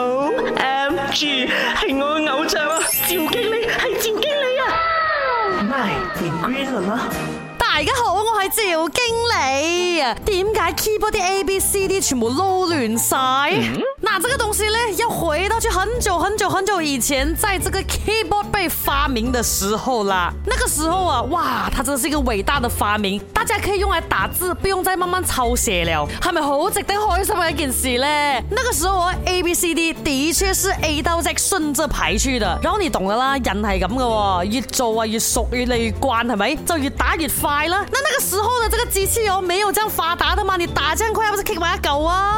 O M G，係我嘅偶像啊！趙經理係趙經理啊！My g r e e 啦！大家好，我係趙經理。點解 Keyboard 啲 A B C D 全部撈亂晒？嗯啊、這個東西呢，要回到去很久很久很久以前，在這個 keyboard 被發明的時候啦。那個時候啊，哇，它真的是一個偉大的發明，大家可以用來打字，不用再慢慢抄寫了，係咪好值得開心嘅一件事呢？那個時候啊，A B C D 的確是 A 到 Z 順著排去的。然後你懂了啦，人係咁噶，越做啊越熟越越，越嚟越慣，係咪就越打越快啦？那那個時候的、啊、這個機器有、哦、沒有這樣發達的嘛，你打這樣快，不是卡埋一嚿啊？